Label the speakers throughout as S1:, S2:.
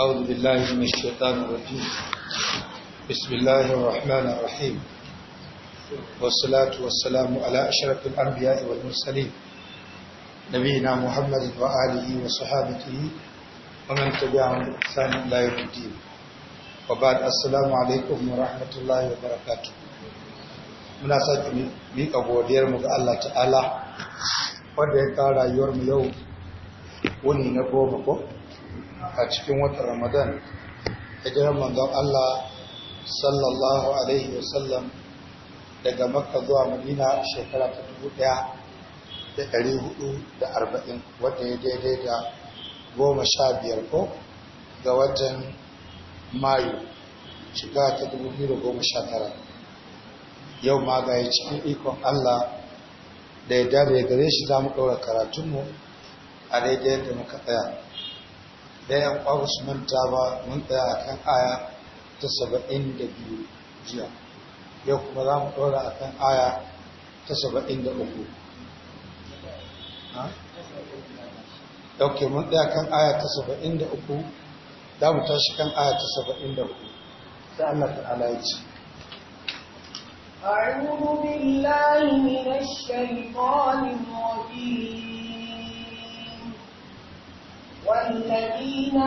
S1: أعوذ بالله من الشيطان الرجيم بسم الله الرحمن الرحيم والصلاة والسلام على أشرف الأنبياء والمرسلين نبينا محمد وآله وصحابته ومن تبعهم بإحسان إلى يوم الدين وبعد السلام عليكم ورحمة الله وبركاته muna sake miƙa godiyarmu ga Allah ta'ala wanda ya kawo rayuwarmu yau wuni na goma ko a cikin watan ramadan hijirar manzon Allah sallallahu alaihi wasallam daga makka zuwa madina shekara ta dubu daya da dari hudu da arba'in wadda ya daidai da goma sha biyar ko ga watan mayu shiga ta dubu biyu da goma sha tara yau ma ga ya cikin ikon Allah da ya dare gare shi za mu ɗaura karatunmu a daidai da muka tsaya da yan ƙwaru su manta ba mun tsaya a kan aya ta saba'in da biyu jiya yau kuma za mu ɗora a kan aya ta saba'in da uku ɗauke mun tsaya kan aya ta saba'in da uku za mu tashi kan aya ta saba'in da uku sai Allah ta'ala ya ce
S2: أعوذ بالله من الشيطان الرجيم والذين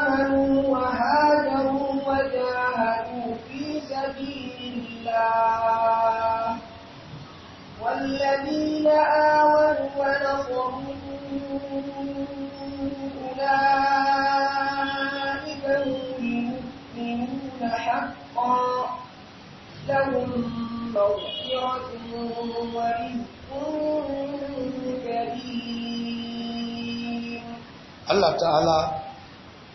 S2: آمنوا وهاجروا وجاهدوا في سبيل الله والذين آووا ونصروا أولئك هم المؤمنون حقا لهم مغفرة ورزق
S3: كريم
S1: Allah ta'ala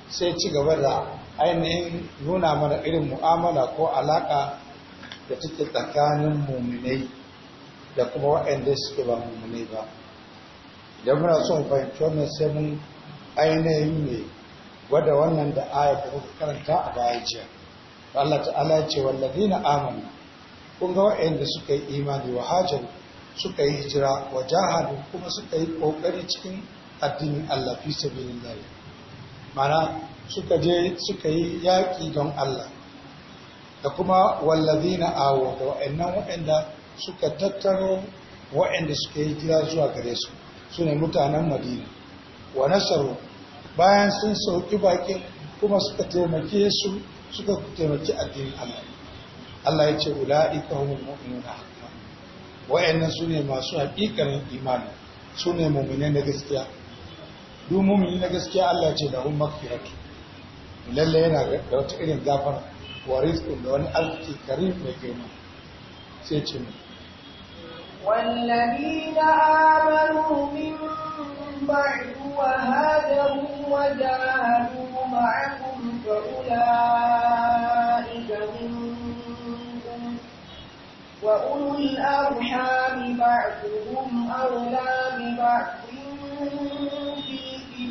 S1: sai ci gaba da ainihin nuna mana irin mu'amala ko alaka da take tsakanin muminai da kuma waɗanda suke ba muminai ba idan muna son fahimci wannan sai mun ainihin ne gwada wannan da aya da kuka karanta a baya jiya Allah ta'ala ce wallazina na kun ga waɗanda suka yi imani wa hajaru suka yi hijira wa jahadu kuma suka yi ƙoƙari cikin addinin Allah fi sabilillah mana suka je suka yi yaƙi don Allah da kuma na awo da wa'annan wa'anda suka tattaro wa'anda suka yi jira zuwa gare su ne mutanen Madina wa nasaru bayan sun sauki baƙin kuma suka taimake su suka taimake addinin Allah Allah ya ce ula'ika humul mu'minuna haqqan wa'annan ne masu haƙiƙarin imani sune mu'minai na gaskiya duk mumini na gaskiya Allah ce da hun makfiratu lalle yana da wata irin gafara wa rizqun da wani arziki karim mai girma sai ce mu
S2: والذين آمنوا من بعد وهاجروا وجاهدوا معكم فأولئك منكم وأولو الأرحام بعضهم أولى ببعض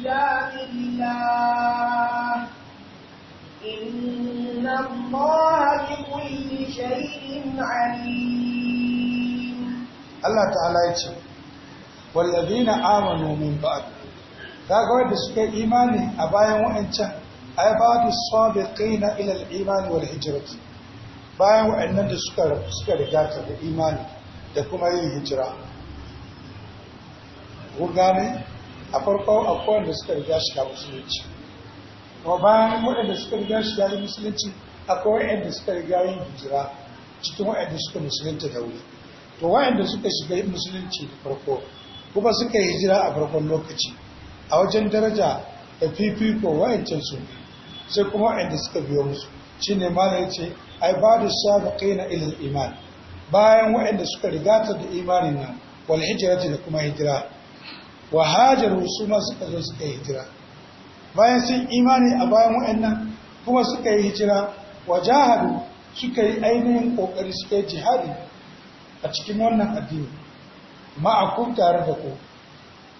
S2: Allah بالله إن الله بكل شيء عليم
S1: الله تعالى يتشف والذين ga wanda suka yi imani a bayan wa'ancan ai ba su sabiqina ila al-iman wal hijrati bayan wa'annan da suka riga ta da imani da kuma yin hijira ku gane a farko akwai wanda suka riga shiga musulunci kuma bayan waɗanda suka riga shiga musulunci akwai waɗanda suka riga yin hijira cikin waɗanda suka musulunta da wuri to waɗanda suka shiga musulunci da farko kuma suka yi hijira a farkon lokaci a wajen daraja da fifiko waɗancan su sai kuma waɗanda suka biyo musu shi ne ma ya ce ai ba da shafi na ilil iman bayan waɗanda suka rigata da imanin nan wal hijirati da kuma hijira wa hajaru su ma suka zo suka yi hijira bayan sun imani a bayan wa'annan kuma suka yi hijira wa jahadu suka yi ainihin kokari suka yi jihadi a cikin wannan addini kun tare da ku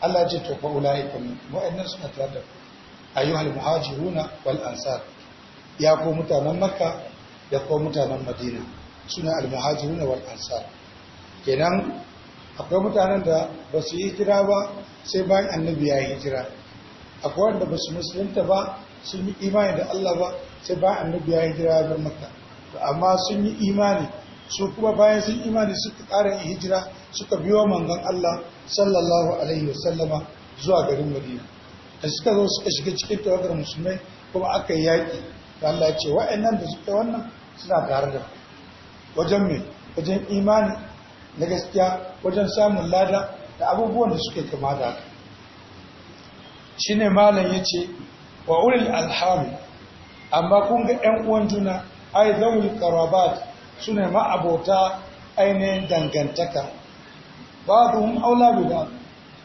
S1: Allah ce to fa ulaika wa'annan suna tare da ku ayyuhal muhajiruna wal ansar ya ko mutanen makka ya ko mutanen madina suna al muhajiruna wal ansar kenan akwai mutanen da ba su yi hijira ba sai bayan annabi ya yi hijira akwai wanda ba su musulunta ba sun yi imani da Allah ba sai bayan annabi ya yi hijira ya bar maka amma sun yi imani su kuma bayan sun imani suka ƙara yi hijira suka biyo mangan Allah sallallahu alaihi wasallama zuwa garin Madina da suka zo suka shiga cikin tawagar musulmai kuma aka yi yaƙi da Allah ya ce wa'annan da suka wannan suna tare da wajen me wajen imani na gaskiya wajen samun lada da abubuwan da suke kama da haka shi ne malam ya ce wa wurin alhamu amma kun ga 'yan uwan juna ai zaul karabat su ne ma'abota ainihin dangantaka ba hun aula guda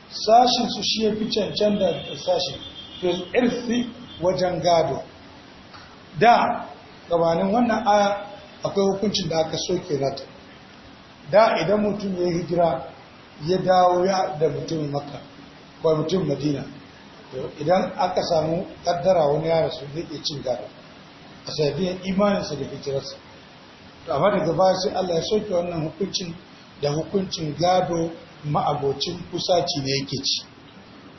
S1: Sashen su shi ya fi cancan da sashen fil irsi wajen gado da gabanin wannan aya akwai hukuncin da aka soke rata da idan mutum ya hijira ya dawo ya da mutum makka ko mutum madina idan aka samu kaddara wani ya rasu zai iya cin gado a sanadiyar imaninsa da hijirarsa amma daga baya sai Allah ya soke wannan hukuncin da hukuncin gado ma'abocin kusaci ne yake ci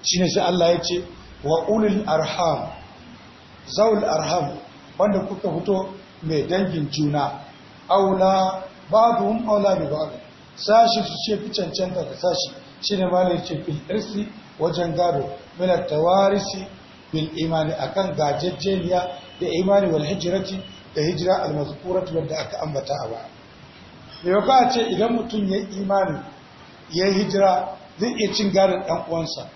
S1: shine sai Allah ya ce wa ulul arham zaul arham wanda kuka fito mai dangin juna aula Babu ba'dhum aula bi ne. sashi su ce fi cancanta da sashi shine ma ce fil irsi wajen gado min tawarisi bil imani akan gajejjeniya da imani wal hijirati da hijira al mazkuratu wanda aka ambata a ba yau ka ce idan mutum ya imani ya hijira zai iya cin gadon dan zai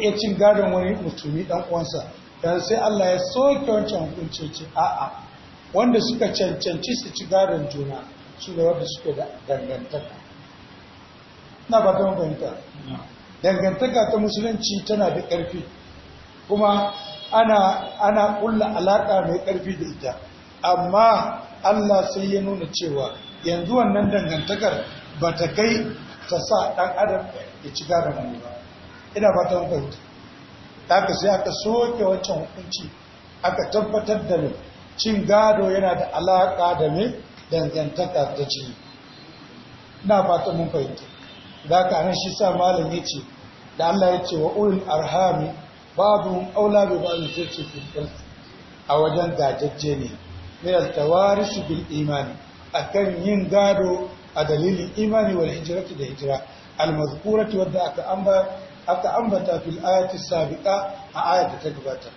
S1: iya cin gadon wani mutumi dan uwansa dan sai Allah ya soke wancan hukunci ce a'a wanda suka cancanci su ci garin juna su ne wanda suke da dangantaka na ba ta mafahimta dangantaka ta musulunci tana da ƙarfi kuma ana ana kulla alaƙa mai ƙarfi da ita amma Allah sai ya nuna cewa yanzu wannan dangantakar ba ta kai ta sa ɗan adam ya ci garin mai ba ina ba ta mafahimta ta ka sai aka soke wancan hukunci aka tabbatar da mai cin gado yana da alaƙa da mai dangantaka ta jini na fata mun fahimta za ka hannun shi sa malam ya ce da Allah ya ce wa ulul arhami babu aula ba ba'd sai ce a wajen gajajje ne mai altawari su bil imani akan yin gado a dalilin imani wal hijiratu da hijira al wadda aka amba aka ambata fil ayati sabiqa a ayati ta gabata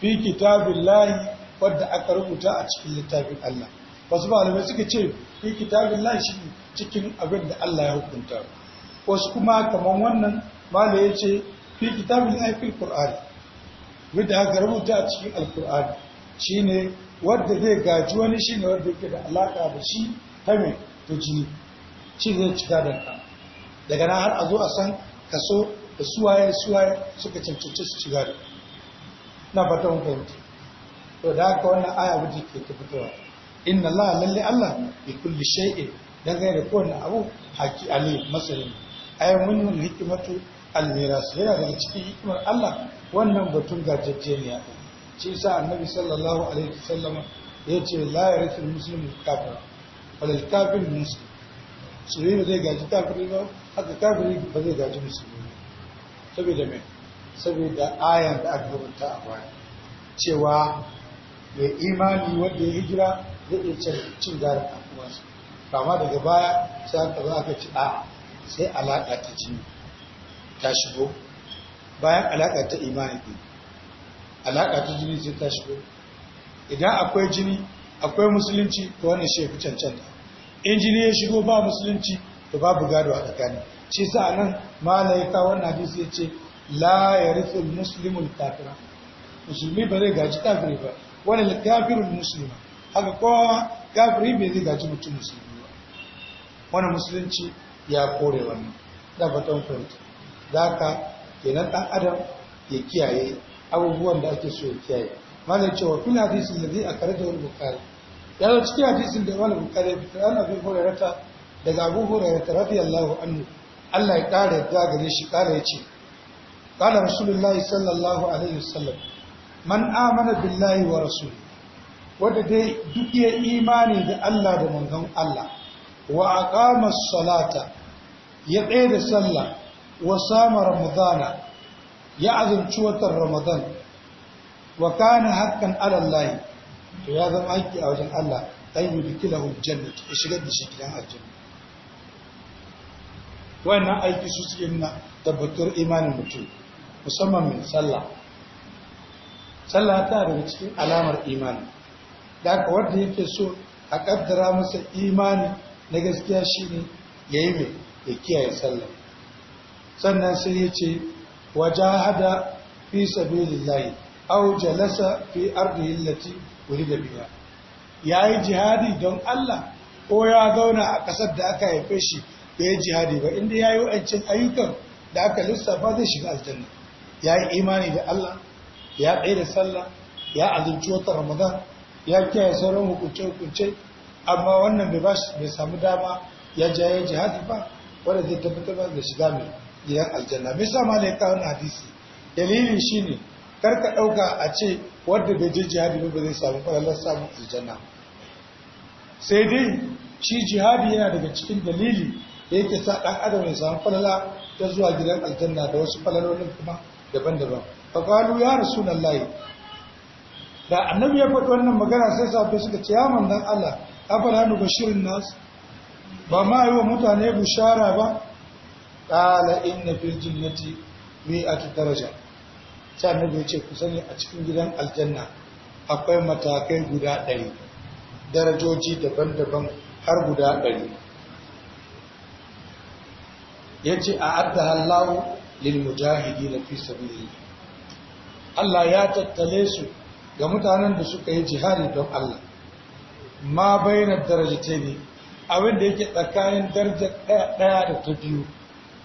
S1: fi kitabillahi wadda aka rubuta a cikin littafin Allah wasu malamai suka ce fi kitabin Allah shi cikin abin da Allah ya hukunta wasu kuma kamar wannan malamai ya ce fi kitabin Allah fi Qur'ani wanda aka rubuta a cikin Al-Qur'ani shine wadda zai gaji wani shine wadda yake da alaka da shi ta me to ji shi zai cika da ka daga nan har a zo a san kaso da suwaye suwaye suka cancanci su ci na fatan fahimta to da haka wannan aya wuce ke ta fitowa inna Allah lalle Allah bi kulli shay'in dangane da kowanne abu haki ali masarin ai wannan hikimatu almiras yana daga cikin hikimar Allah wannan batun gajejjeniya din shi sa annabi sallallahu alaihi wasallam ya ce la yarithul muslimu kafir wal kafir muslim su da zai gaji kafir ba haka kafir ba zai gaji musulmi saboda me saboda ayan da aka rubuta a baya cewa ya imani wanda ya hijira zai iya cin garin ɗan'uwansa kama daga baya sai aka zo aka ci a sai alaƙa ta jini ta shigo bayan alaƙa ta imani ɗin alaƙa ta jini sai ta shigo idan akwai jini akwai musulunci to wani shi ya fi cancanta in jini ya shigo ba musulunci to babu gado a tsakani shi sa nan malaika wannan hadisi ya ce la ya muslimul musulmi ba zai gaji kafiri ba wani littafin musulma haka kowa kafiri bai zai gaji mutum musulmi ba wani musulunci ya kore wannan da fatan fahimta za ka kenan ɗan adam ya kiyaye abubuwan da ake so ya kiyaye malam cewa na hadisin da zai a da wani bukari ya zo cikin hadisin da wani bukari fitar an abin rata daga abu rafi radiyallahu annu Allah ya ƙara yadda gare shi ƙara ya ce ƙara rasulullahi sallallahu alaihi wasallam man amana billahi wa rasul wanda dai duk ya imani da Allah da manzon Allah wa aqama salata ya tsaye sallah wa sama ramadana ya azumci watan ramadan wa kana haqqan ala Allah to ya zama haƙƙi a wajen Allah ayyu bikilahu jannat ya shigar da shi gidan aljanna wannan aiki su suke nuna tabbatar imanin mutum musamman min sallah sallah ta daga cikin alamar imani da aka wanda yake so a kaddara masa imani na gaskiya shi ne ya yi mai ya kiyaye sallah sannan sai ya ce wajahada fi sabilillahi aw jalasa fi ardihi allati urida biha yayi jihadi don Allah ko ya zauna a kasar da aka haife shi ya jihadi ba inda yi wa'ancin ayyukan da aka lissafa zai shiga aljanna Ya yi imani da Allah ya ɗaya da sallah ya azurci wata ramadan ya kiyaye sauran hukunce-hukunce amma wannan bai ba bai samu dama ya jaye jihadi ba wanda zai tabbatar da shiga mai gidan aljanna me sa malai ka hadisi dalilin shine kar ka ɗauka a ce wanda bai je jihadi ba ba zai samu falalar samun aljanna sai dai shi jihadi yana daga cikin dalili da yake sa ɗan adam ya samu falala ta zuwa gidan aljanna da wasu falalolin kuma daban-daban faƙalu ya rasu na layi da annabi ya faɗi wannan magana sai safe suka ce ya mandan Allah hannu da bashirin nasu ba ma yi wa mutane bushara ba ƙala inna fil a ta daraja ta annabi ya ce ku sani a cikin gidan aljanna akwai matakai guda ɗari darajoji daban-daban har guda ɗari ya ce a adda hallawu lil mujahidi na fi sabili Allah ya tattale su ga mutanen da suka yi jihari don Allah ma bayyana ce ne abin da yake tsakanin daraja ɗaya ɗaya da ta biyu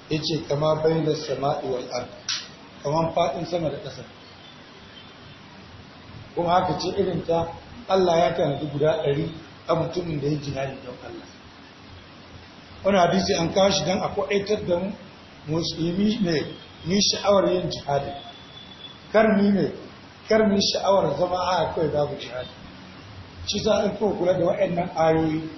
S1: ya ce kama bayyana sama'i wal ard kamar faɗin sama da ƙasa kuma haka ce irin ta Allah ya tanadi guda ɗari a mutumin da ya jihari don Allah wani hadisi an kawo shi don a kwaɗaitar da musulmi ne ni sha'awar yin jihadi karmi ne karmi sha'awar zama a kawai babu jihadi shi za a ɗauko kula da waɗannan ayoyi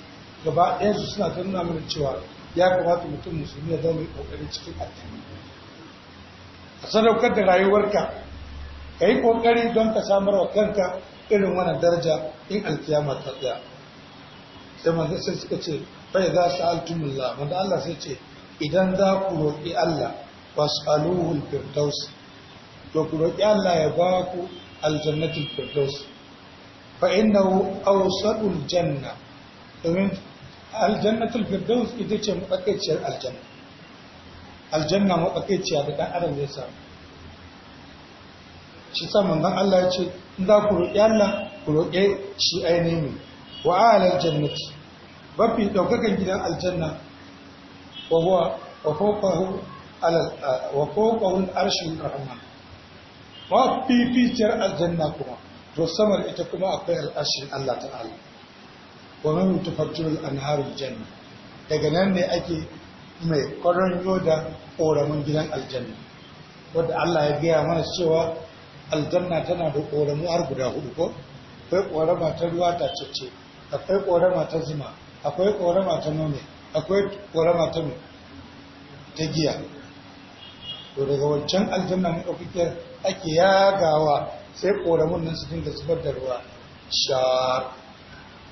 S1: gaba ɗaya su suna ta nuna mana cewa ya kamata mutum musulmi ya zama kokari cikin addini a sadaukar da rayuwarka ka yi ƙoƙari don ka samar wa kanka irin wannan daraja in alkiyama ta tsaya sai manzo sai suka ce fa za sa'altumullah manzo Allah sai ce idan za ku roƙi Allah was'aluhu al-firdaus to ku roƙi Allah ya ba ku aljannatul firdaus fa innahu awsadul janna domin aljannatul firdaus ita ce matsakaiciyar aljanna aljanna matsakaiciya da dan adam zai samu shi sa manzon Allah ya ce in za ku roƙi Allah ku roƙe shi ainihin wa alal jannati bafi daukakan gidan aljanna wa huwa wa fawqahu alal wa fawqahu arshul rahman ba fificiyar aljanna kuma to samar ita kuma akwai al'ashin Allah ta'ala wa min tufajjirul anharul janna daga nan ne ake mai koran da koramin gidan aljanna wanda Allah ya gaya mana cewa aljanna tana da koramu har guda hudu ko akwai korama ta ruwa ta cece akwai korama ta zuma akwai korama ta nome akwai korama ta ta giya to daga wancan aljanna mu ɗaukakiyar ake yagawa sai ƙoramun nan su dinga zubar da ruwa shar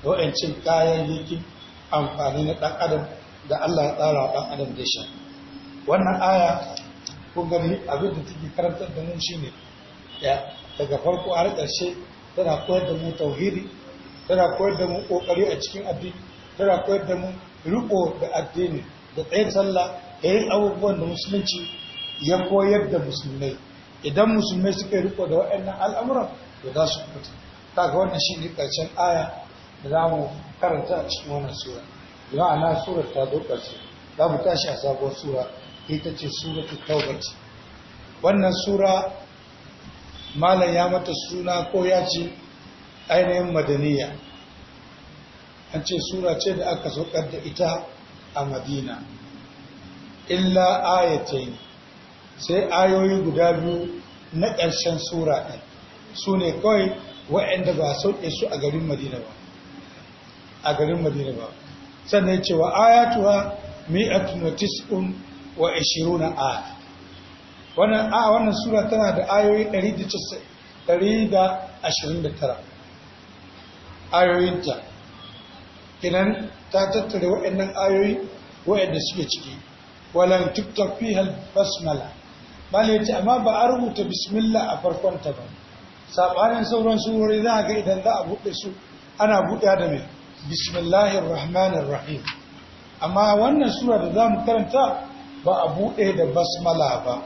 S1: kayan kayayyakin amfani na ɗan adam da Allah ya tsara ɗan adam da shi wannan aya kun gani abin da take karanta da mun shine daga farko har ƙarshe tana koyar da mu tauhidi tana koyar da mu ƙoƙari a cikin addini tana koyar da mu riko da addini da tsayin sallah da yin abubuwan da musulunci ya koyar da musulmai idan musulmai suka riko da waɗannan al'amuran da za su ta ga wannan shi ne ƙarshen aya da za mu karanta a cikin wannan sura yana ana surar ta zo ƙarshe za mu tashi a sabuwar sura ita ce sura ta tawbati wannan sura malam ya mata suna ko ya ce ainihin madaniya an ce sura ce da aka saukar da ita a madina illa ayatain sai ayoyi guda biyu na ƙarshen sura ɗin su ne kawai waɗanda ba sauƙe su a garin madina ba a garin madina ba sannan cewa ayatuwa a wa tis'un wa ishiruna aya wannan a wannan sura tana da ayoyi 129 ayoyinta idan ta tattare wa'annan ayoyi wa'anda suke ciki walan tuktafi basmala ya ce amma ba a rubuta bismillah a farkon ta ba sabanin sauran surori za ga idan za a buɗe su ana buɗe da mai bismillahir rahmanir rahim amma wannan sura da zamu karanta ba a buɗe da basmala ba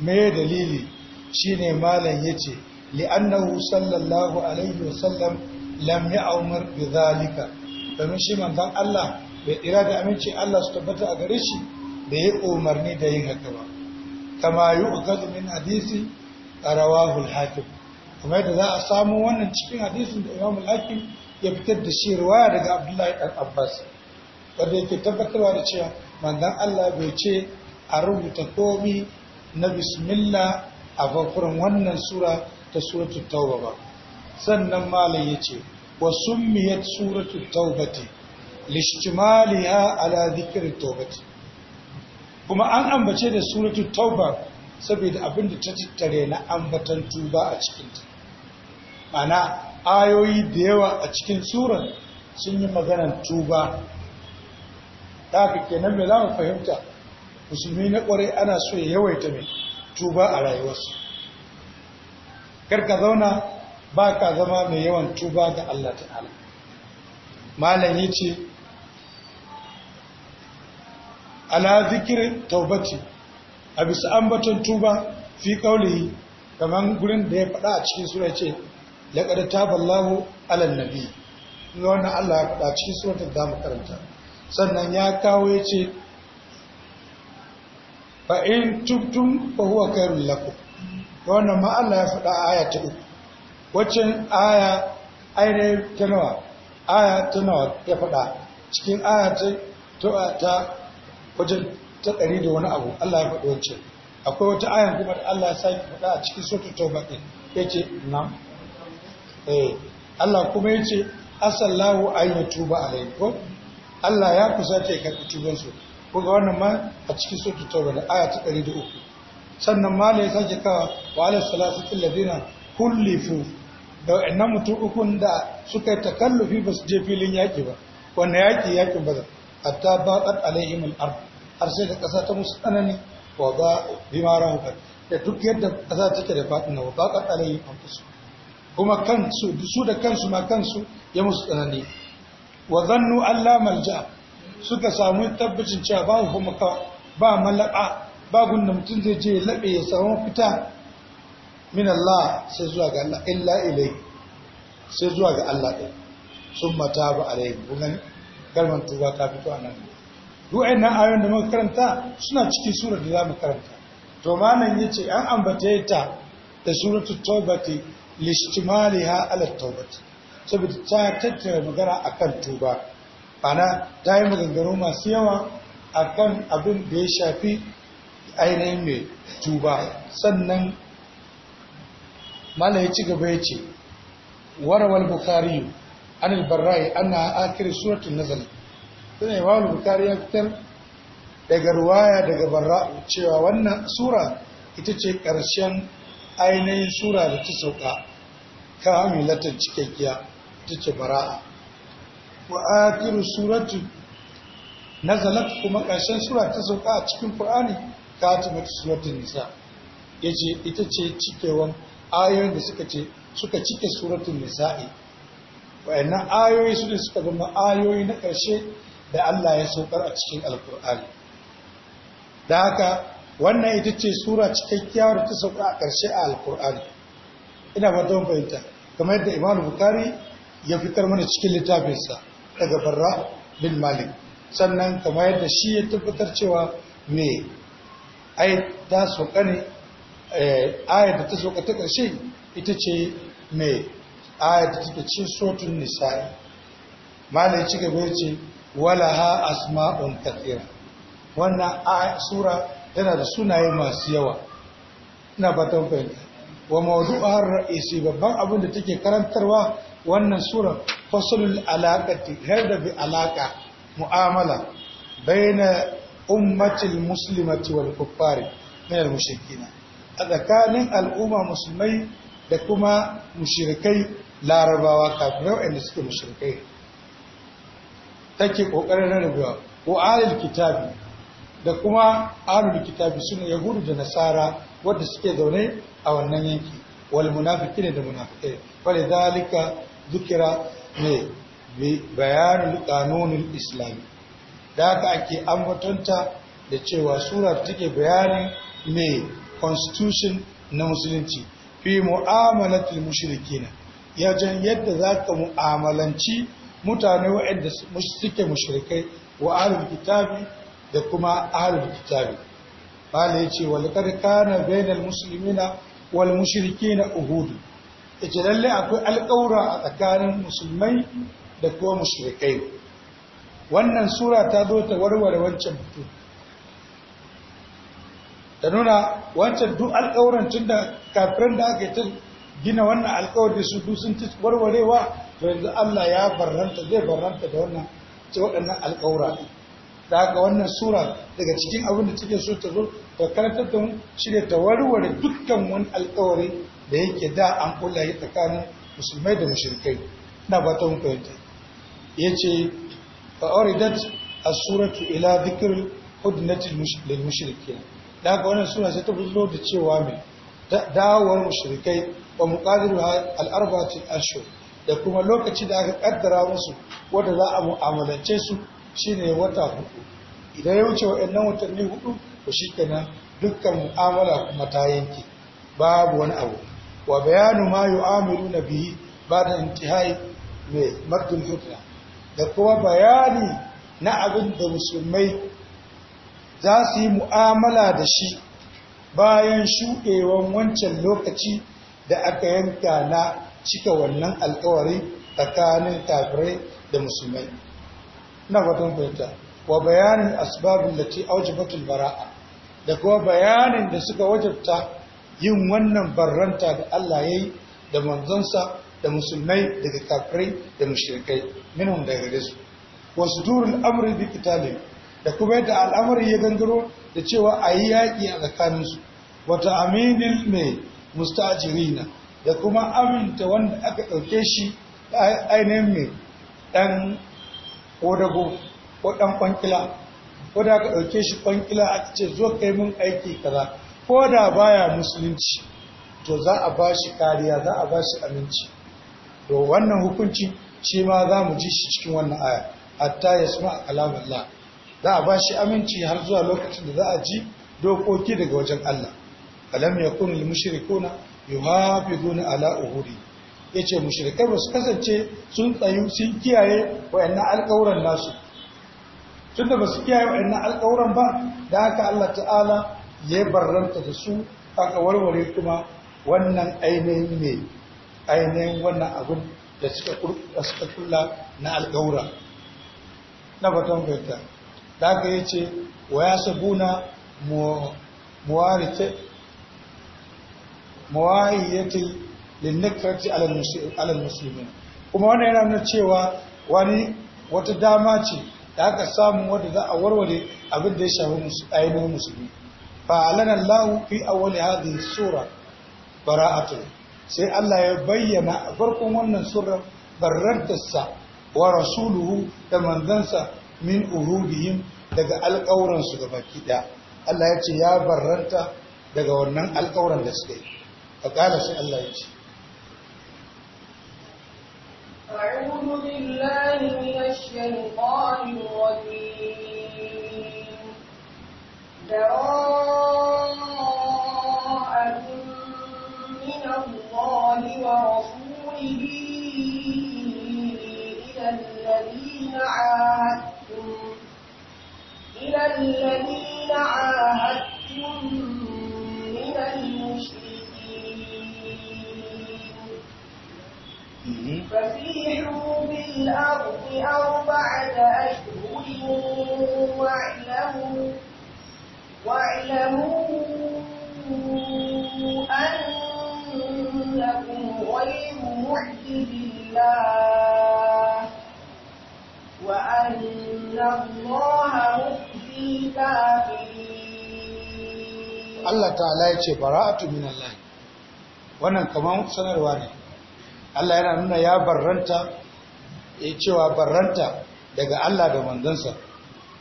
S1: me dalili shine malam yace li'annahu sallallahu alaihi wasallam lam ya'mur zalika domin shi manzon Allah bai tsira da aminci Allah su tabbata a gare shi da ya umarni da yin haka ba kama yu'khadhu min hadisi rawahu al-hakim kuma yadda za a samu wannan cikin hadisin da imamu hakim ya fitar da shi riwaya daga Abdullahi Ɗan Abbas wanda yake tabbatarwa da cewa manzon Allah bai ce a rubuta komi na bismillah a farkon wannan sura ta suratu tauba ba sannan malam yace wa summiyat suratul taubati ha ala zikirin taubati kuma an ambace da suratu tauba saboda abin da ta tattare na ambatan tuba a cikinta mana ayoyi da yawa a cikin surar sun yi maganar tuba ta haka kenan mai za fahimta musulmi na kwarai ana so ya yawaita mai tuba a rayuwarsu karka zauna ba ka zama mai yawan tuba ga Allah ta'ala malam ce ala zikir taubati a bisa ambaton tuba fi kauli kaman gurin da ya faɗa a cikin sura ce laqad taballahu ala nabi wannan Allah ya faɗa cikin sura da mu karanta sannan ya kawo ce fa in tubtum fa huwa khairul lakum wannan ma Allah ya faɗa aya ta uku wacce aya aire ta nawa aya ta nawa ya faɗa cikin aya ta ta wajen ta ɗari da wani abu Allah ya faɗi wancan akwai wata ayan kuma da Allah ya sake faɗa a cikin sautar ta ɗin ya ce na eh, Allah kuma ya ce asallahu an yi tuba a ko Allah ya kusa ta yi karɓi tubansu ko ga wannan ma a cikin sautar ta da aya ta ɗari da uku sannan ma ya sake kawa wa ala salatu ladina kullifu da wannan mutum ukun da suka yi takallufi ba su je filin yaƙi ba wannan yaƙi yaƙin ba hatta ba ƙat alaihim arba. harshe da ƙasa ta musu tsanani wa ba bimara hukar da duk yadda ƙasa take da faɗi na ba yi alayhi su. kuma kansu su da kansu ma kansu ya musu tsanani wa zannu Allah malja suka samu tabbacin cewa ba kuma ba malaka ba gunda mutum zai je laɓe ya samu fita min Allah sai zuwa ga Allah illa ilai sai zuwa ga Allah ɗin sun mata ba a rai gani kalmar tuba ta fito a nan du'ai na ayon da muka suna cikin surar da za mu karanta to malam ya ce an ambace ta da suratu taubati ha ala taubati saboda ta tattara magana akan tuba ana ta yi maganganu masu yawa akan abin da ya shafi ainihin mai tuba sannan malam ya ci gaba ya ce warawal bukari an albarra'i ana akiri suratun nazarin suna imam bukari ya fitar daga ruwaya daga barra cewa wannan sura ita ce ƙarshen ainihin sura da ta sauka kamilatar cikakkiya ta ce bara'a wa akiru suratu nazalat kuma ƙarshen sura ta sauka a cikin qur'ani katimatu suratun nisa yace ita ce cikewan ayoyin da suka ce suka cike suratun nisa'i wa'annan ayoyi su ne suka zama ayoyi na ƙarshe da Allah ya saukar a cikin alkur'ani da haka wannan ita ce sura cikakkiya da ta sauka a ƙarshe a alkur'ani ina ba don fahimta kamar yadda imamu bukari ya fitar mana cikin littafinsa daga barra bin malik sannan kamar yadda shi ya tabbatar cewa me ai ta sauka ne eh, ayar da ta sauka ta ƙarshe ita ce me ayar da ta ce sotun nisa'i malai ci gaba ya ce walaha asma'un kathira wannan sura yana da sunaye masu yawa ina fatan fahimta wa mawdu'ar ra'isi babban abin da take karantarwa wannan sura fasalul alaqati da bi alaqa mu'amala baina ummatil muslimati wal kuffari min al mushrikina a tsakanin al'umma musulmai da kuma mushrikai larabawa kafirai wanda suke mushrikai take kokarin rarrabewa ko ahlul kitabi da kuma ahlul kitabi sune yahudu da nasara wanda suke zaune a wannan yanki wal munafiqina da munafiqai wal zalika zikira ne bi bayanul qanunul islami da haka ake ambatonta da cewa sura take bayani me constitution na musulunci fi mu'amalatul mushrikina yajen yadda za zaka mu'amalanci mutane waɗanda suke mushrikai wa ahlul kitabi da kuma ahlul kitabi bala yace wal karkana bainal muslimina wal mushrikina uhud yace lalle akwai alƙawura a tsakanin musulmai da kuma mushrikai wannan sura ta zo ta warware wancan mutum ta nuna wancan duk alƙawuran tun da kafirin da aka ta gina wannan alƙawar da su duk sun warwarewa to yanzu Allah ya farranta zai farranta da wannan ce waɗannan alƙawura ne da haka wannan sura daga cikin abin da take so ta zo ta karantar da mu ta warware dukkan wani alƙawari da yake da an kula ya tsakanin musulmai da mushrikai na ba ta muku Ya ce fa uridat as-suratu ila dhikr hudunatin lil mushrikin da haka wannan sura sai ta fito da cewa mai dawowar mushrikai wa muqadiru al-arba'ati ashhur da kuma lokaci da aka kaddara musu wadda za a mu'amalance su shine wata hudu idan ya wuce waɗannan watanni hudu shi shikenan dukkan mu'amala kuma ta yanke babu wani abu wa bayanu ma yu'amiluna bihi ba'da intihai mai maddul hudna da kuma bayani na abin da musulmai za su yi mu'amala da shi bayan shuɗewan wancan lokaci da aka yanka na cika wannan alkawari tsakanin kafirai da musulmai na fatan fahimta wa bayanin asbabin da ke aujibatul bara'a da kuma bayanin da suka wajabta yin wannan barranta da Allah ya yi da manzonsa da musulmai daga kafirai da shirikai. minhum da gare su wasu durul amri bi qitalin da kuma yadda al'amari ya gangaro da cewa a yi yaƙi a tsakaninsu wata aminin mai mustajirina da kuma aminta wanda aka ɗauke shi ainihin mai ɗan ƙodago ko ɗan ƙwanƙila ko da aka ɗauke shi kwankila a ce zo kai mun aiki kaza ko da baya musulunci to za a ba shi kariya za a ba shi aminci to wannan hukunci shi ma za mu ji shi cikin wannan aya hatta ya suma a Allah za a ba shi aminci har zuwa lokacin da za a ji dokoki daga wajen Allah alam yakun lil mushrikuna yuhafizuna ala uhuri yace mushrikai ba su kasance sun tsayu sun kiyaye wayannan alƙawuran nasu tunda ba su kiyaye wayannan alƙawuran ba da haka Allah ta'ala ya barranta da su aka warware kuma wannan ainihin ne ainihin wannan abin da suka kula na alƙawura na fatan fahimta da haka yi ce wa ya sabuna muwarice muwahiyati linnikrati alal musulmi kuma wannan yana nuna cewa wani wata dama ce da aka samu wadda za a warware abin da ya shafi ainihin musulmi fa alana Allah fi awwali hadhihi sura bara'atu sai Allah ya bayyana a farkon wannan sura barrantarsa wa rasuluhu da manzansa min urubihim daga alƙawuransu gaba kiɗa Allah ya ce ya barranta daga wannan alƙawuran da suka yi a ƙara sai Allah
S2: أعوذ بالله من الشيطان الرجيم براءة من الله ورسوله إلى الذين عاهدتم إلى الذين عاهدتم فسيحوا في الأرض أربعة أشهر واعلموا واعلموا أنكم غير معجز الله وأن الله مخزي الكافرين
S3: الله
S1: تعالى يقول براءة من الله wannan kamar sanarwa ne Allah yana nuna ya barranta ya cewa barranta daga Allah da manzansa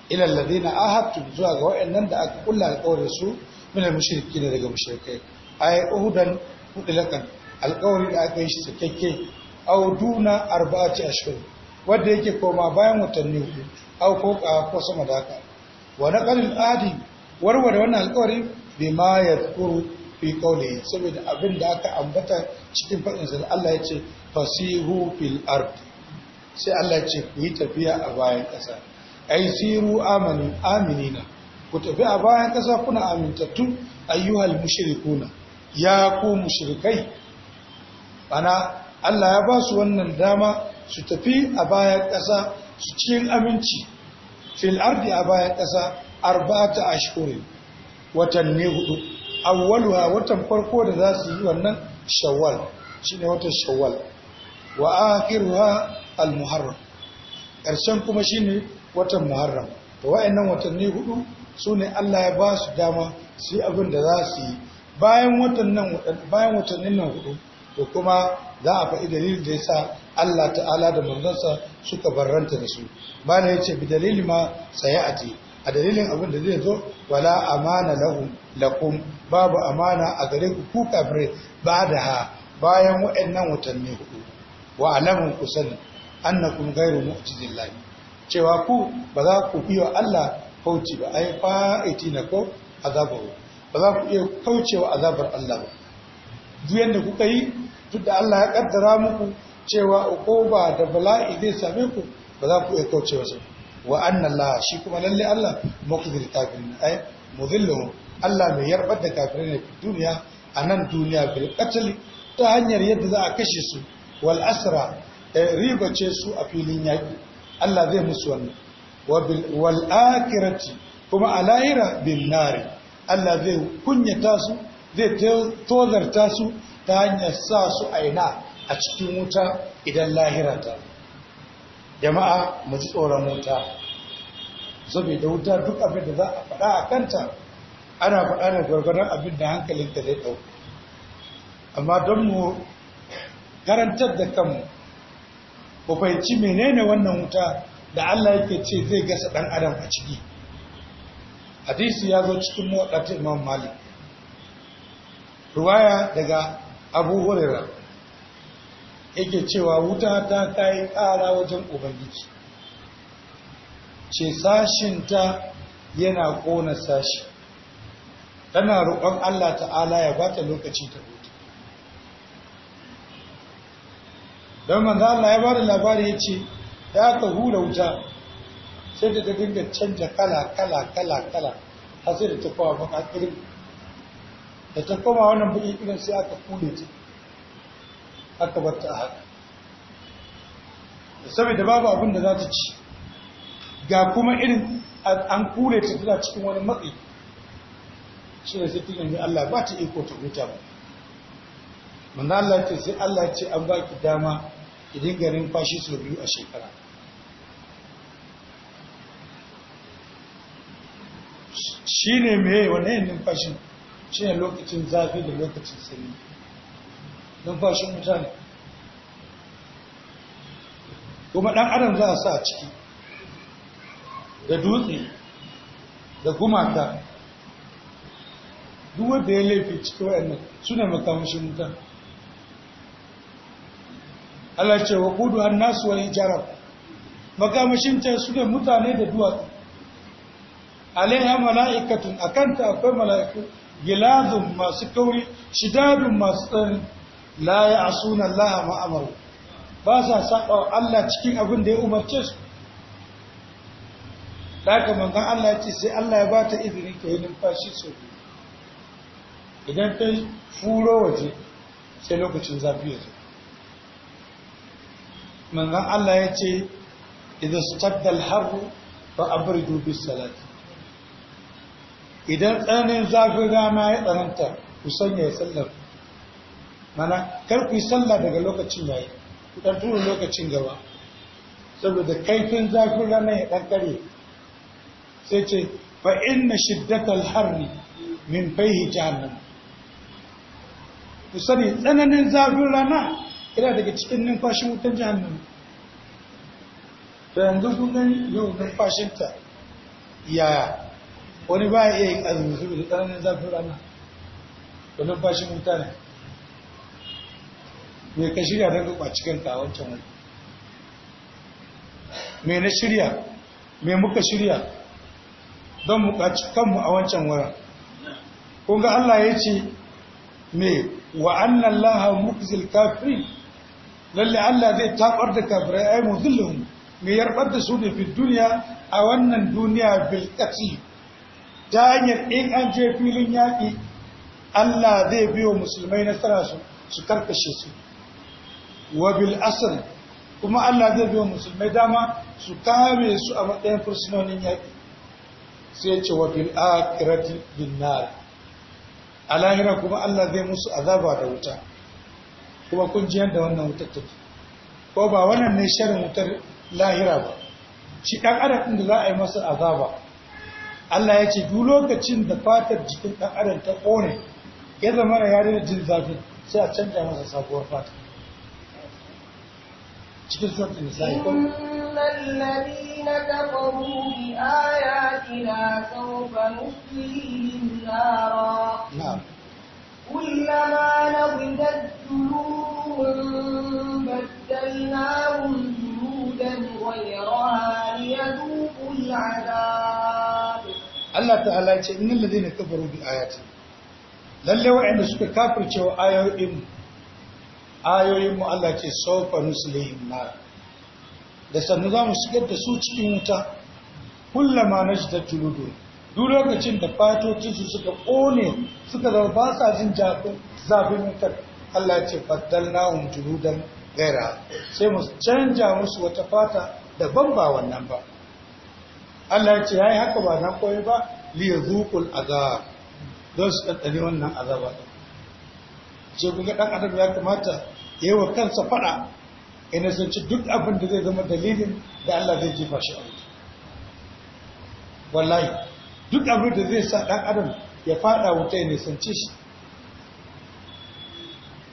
S1: ilal ladina ahadtu zuwa ga waɗannan da aka kulla alƙawarin su min mushriki daga mushrikai ay uhudan hudilakan alƙawarin da aka yi shi sakakke aw duna arba'ati ashhur wanda yake koma bayan watanni uku, aw ko ko sama da haka wa naqal adi warware wannan alƙawarin bima yadhkuru fi qawli saboda abin da aka ambata cikin fadin sa Allah ya ce fasihu fil ard sai Allah ya ce ku yi tafiya a bayan kasa ai siru amanu aminina ku tafi a bayan kasa kuna amintattu ayyuhal mushrikuna ya ku mushrikai ana Allah ya ba su wannan dama su tafi a bayan ƙasa su cikin aminci fil ardi a bayan ƙasa arba'ata ashhurin watanni hudu awwaluha watan farko da za su yi wannan shawwal shine watan shawwal wa akhiruha al-muharram karshen kuma shine watan muharram to wayannan watanni hudu sune Allah ya ba su dama su yi abin da za su yi bayan watannin bayan watannin nan hudu to kuma za a faɗi dalilin da yasa Allah ta'ala da manzansa suka barranta da su bana yace bi dalilin ma sayati a dalilin abin da zai zo wala amana lahum lakum babu amana a gare ku ku kafirai ba da ha bayan waɗannan watanni hudu wa alamun ku sani annakum ghairu mu'jizillahi cewa ku ba za ku biyo Allah kauci ba ai na ko azabar ba za ku iya kaucewa azabar Allah ba duk yanda kuka yi duk da Allah ya kaddara muku cewa uquba da bala'i zai same ku ba za ku iya kaucewa sa. wa annallahi shi kuma lalle Allah mukhzil kafirin ai mudhilluhum Allah mai yarbar da kafirai ne duniya a nan duniya fil qatl ta hanyar yadda za a kashe su wal asra ribace su a filin yaƙi. Allah zai musu wannan wal akhirati kuma a lahira bin nari Allah zai kunyata su zai tozarta su ta hanyar sa su aina a cikin wuta idan lahirata. jama'a mu ji tsoron wuta saboda wuta duk abin da za a faɗa a kanta ana faɗa da gwargwaron abin da ta zai ɗau amma don mu karantar da kanmu ku fahimci menene wannan wuta da Allah yake ce zai gasa ɗan adam a ciki hadisi ya zo cikin mawaɗata imam malik ruwaya daga abu hurera yake cewa wuta ta kai ƙara wajen ubangiji ce sashinta yana ƙona sashi tana roƙon Allah ta'ala ya bata lokaci ta hutu don manzo Allah ya bada labari ya ce ya ka hura wuta sai da ta dinga canja kala kala kala kala har sai da ta kowa baka irin da ta koma wannan buɗe irin sai aka kule ta aka bar ta haka saboda babu abin da za ta ci ga kuma irin an kule ta tana cikin wani matsi shi ne sai tunanin Allah ba ta iko ta huta ba manzo Allah ce sai Allah ce an ba ki dama ki dinga fashi sau biyu a shekara shi ne mai yin numfashin shi ne lokacin zafi da lokacin sanyi numfashin mutane kuma ɗan adam za a sa a ciki da dutse da gumata. duk wanda ya laifi cikin su suna makamashin wuta Allah ce wa kudu har nasu wani jarar makamashin ta su ne mutane da duwatsu alaiha mala'ikatun a kanta akwai mala'iku giladun masu kauri shidadun masu tsari. la ya asuna Allah ma'amaru ba sa saɓa Allah cikin abin da ya umarce su da kamar manzan Allah ya ce sai Allah ya ba ta izini ka yi numfashi sau idan ta furo waje sai lokacin zafi ya zo manzan Allah ya ce idan tattal haru ba a bari dubi salati idan tsananin zafin rana ya tsananta ku sanya ya sallar mana kar ku yi daga lokacin yayi ku ɗan tura lokacin gaba saboda kaifin zafin rana ya ɗan kare sai ce fa inna shiddatal harri min faihi jahannam ku sani tsananin zafin rana yana daga cikin numfashin wutan jahannama da yanzu sun gani yau numfashinta yaya wani ba ya iya yin azumi da tsananin zafin rana da numfashin wuta ne mai ka shirya don ka cikin kanka a wancan wani mai na shirya mai muka shirya don mu kwaci kanmu a wancan wurin kun ga Allah ya ce mai wa anna allaha mukhzil kafirin Allah zai taɓar da kafirai ay muzillahum me yarbar da su ne fi duniya a wannan duniya bil qati ta hanyar an je filin yaƙi. Allah zai biyo musulmai nasara su su karkashe su wa bil kuma Allah zai biyo musulmai dama su kame su a matsayin fursunonin yaki sai ya ce wa bil a lahira kuma Allah zai musu azaba da wuta kuma kun ji yadda wannan wutar take ko ba wannan ne sharin wutar lahira ba shi ɗan adam da za a yi masa azaba Allah ya ce duk lokacin da fatar jikin ɗan adam ta ƙone ya zama ya daina jin zafi sai a canja masa sabuwar fata cikin sabbin sai
S2: الذين كفروا بآياتنا سوف نصليهم نارا نعم كلما نضجت جلوبهم بدلناهم جلودا غيرها ليذوقوا العذاب
S1: الله تعالى يقول إن الذين كفروا بآياتنا lalle waɗanda suka kafirce wa ayoyin ayoyin mu Allah ce saufa nuslihim nar da sannu za mu shigar da su cikin wuta kullama na shi tuludu. duk lokacin da fatocinsu suka ƙone suka zama ba sa jin zafin wutar Allah ce faddal na umtuludan gaira sai mu canja musu wata fata daban ba wannan ba Allah ce ya yi haka ba na koyi ba liya zuƙul azab don su ɗanɗani wannan azaba ce kuka ɗan adam ya kamata ya yi wa kansa faɗa ina sun ci duk abin da zai zama dalilin da Allah zai jefa shi a wallahi duk abin da zai sa ɗan adam ya fada wuta ya ci shi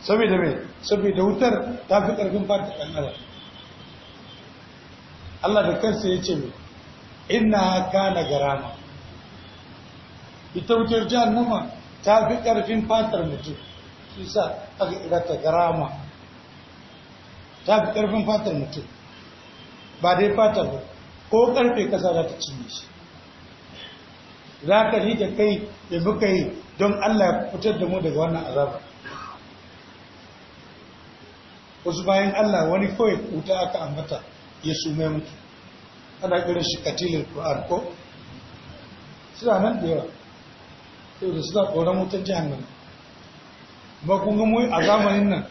S1: saboda mai saboda wutar ta fi ƙarfin fata ɗan adam Allah da kansa ya ce mai inna kana garama ita wutar nama ta fi ƙarfin fatar mutum shi sa aka kira ta garama ta fi ƙarfin fatar mutum ba dai fatar ba ko ƙarfe ƙasa za ta cinye shi za ka yi da kai da muka yi don Allah ya fitar da mu daga wannan azaba wasu bayan Allah wani kawai kuta aka ambata ya sume mutu ana kiran shi katilin Qur'an ko suna nan da yawa da suna tsoron wutar jihar nan ba kun ga mu a zamanin nan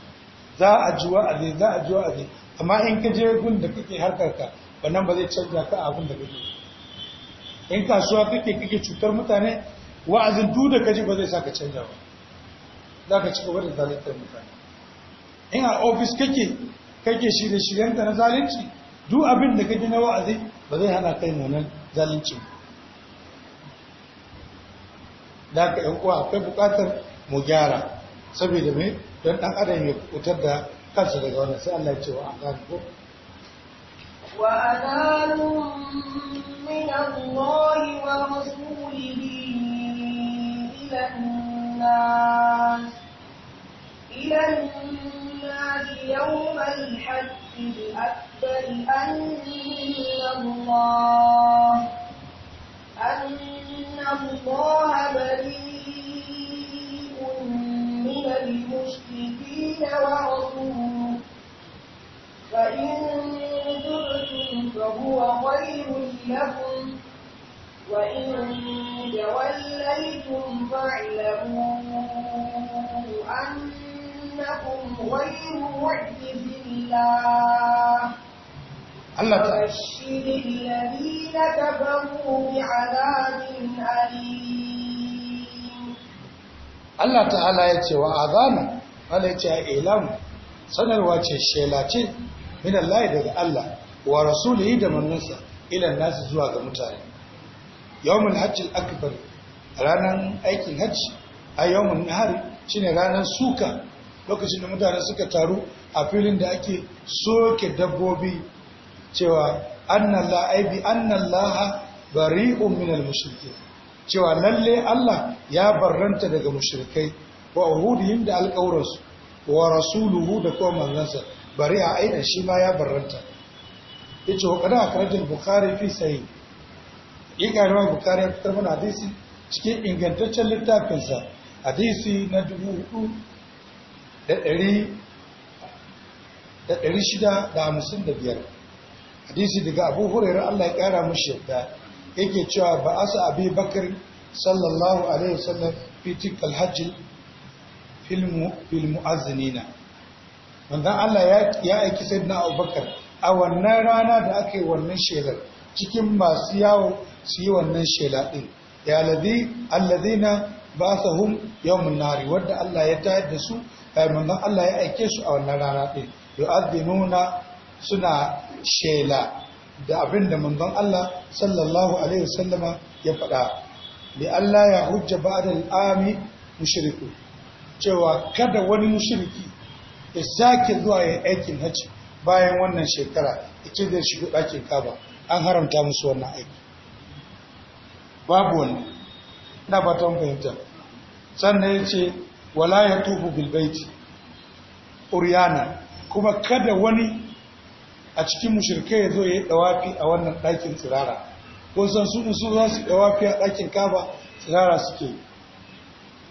S1: za a ji wa'azi za a ji wa'azi amma in ka je gun da kake harkarka, wannan ba zai canza ka abin da kake in kasuwa kake kake cutar mutane wa'azin du da kaji ba zai sa ka canza ba za ka ci gaba da zaluntar mutane in a ofis kake kake shirye shiryanta na zalunci du abin da kake na wa'azi ba zai hana kai munan zalunci da ka yan uwa akwai bukatar mu gyara saboda me don ɗan adam ya fitar da kansa daga wannan sai Allah ya ce wa ko
S2: من الله ورسوله إلى الناس إلى الناس يوم الحج الأكبر أن الله أن الله بريء
S3: المشركين
S2: ورسوله فإن تبتم فهو خير لكم وإن توليتم فاعلموا أنكم غير معجز الله الله الذين كفروا بعذاب أليم
S1: Allah ta'ala ya ce wa azanu Allah ya ce a ilamu sanarwa ce shela ce min Allah daga Allah wa rasulihi da manzonsa ila nasu zuwa ga mutane yawmul hajjil akbar ranar aikin hajji a yawmul nahar shine ranar suka lokacin da mutane suka taru a filin da ake soke dabbobi cewa annallahi bi annallaha bari'un minal mushrikin cewa lalle Allah ya barranta daga mushrikai wa uhudihim da alƙawarsu wa rasuluhu da kuma manzansa bari a aina shi ma ya barranta ce wa a karajin bukhari fi sahih yake ma bukhari ya fitar mana hadisi cikin ingantaccen littafinsa hadisi na dubu da da da shida hamsin biyar hadisi daga abu hurairar Allah ya kara mushi yadda yake cewa ba asa abi bakar sallallahu alaihi wasallam fi tikal hajji fil mu'azzinina Allah ya aiki sayyidina Abubakar a wannan rana da aka yi wannan shelar cikin masu yawo su yi wannan shela ɗin ya ladhi alladhina basahum yawmun nari Wadda Allah ya tayar da su eh, manzon Allah ya aike su a wannan rana din yu'azzimuna suna shela da abin da manzon Allah sallallahu alaihi wasallama ya faɗa bi Allah ya hujja ba'da ami mushriku cewa kada wani mushriki ya sake zuwa ya aikin haji bayan wannan shekara ita zai shigo ɗakin kaba an haramta musu wannan aiki babu wannan na fatan fahimta sannan ya ce wala ya tufu bilbaiti uryana kuma kada wani a cikin mushirka ya zo ya yi dawafi a wannan ɗakin tsirara ko san su su za su dawafi a ɗakin kaba, tsirara suke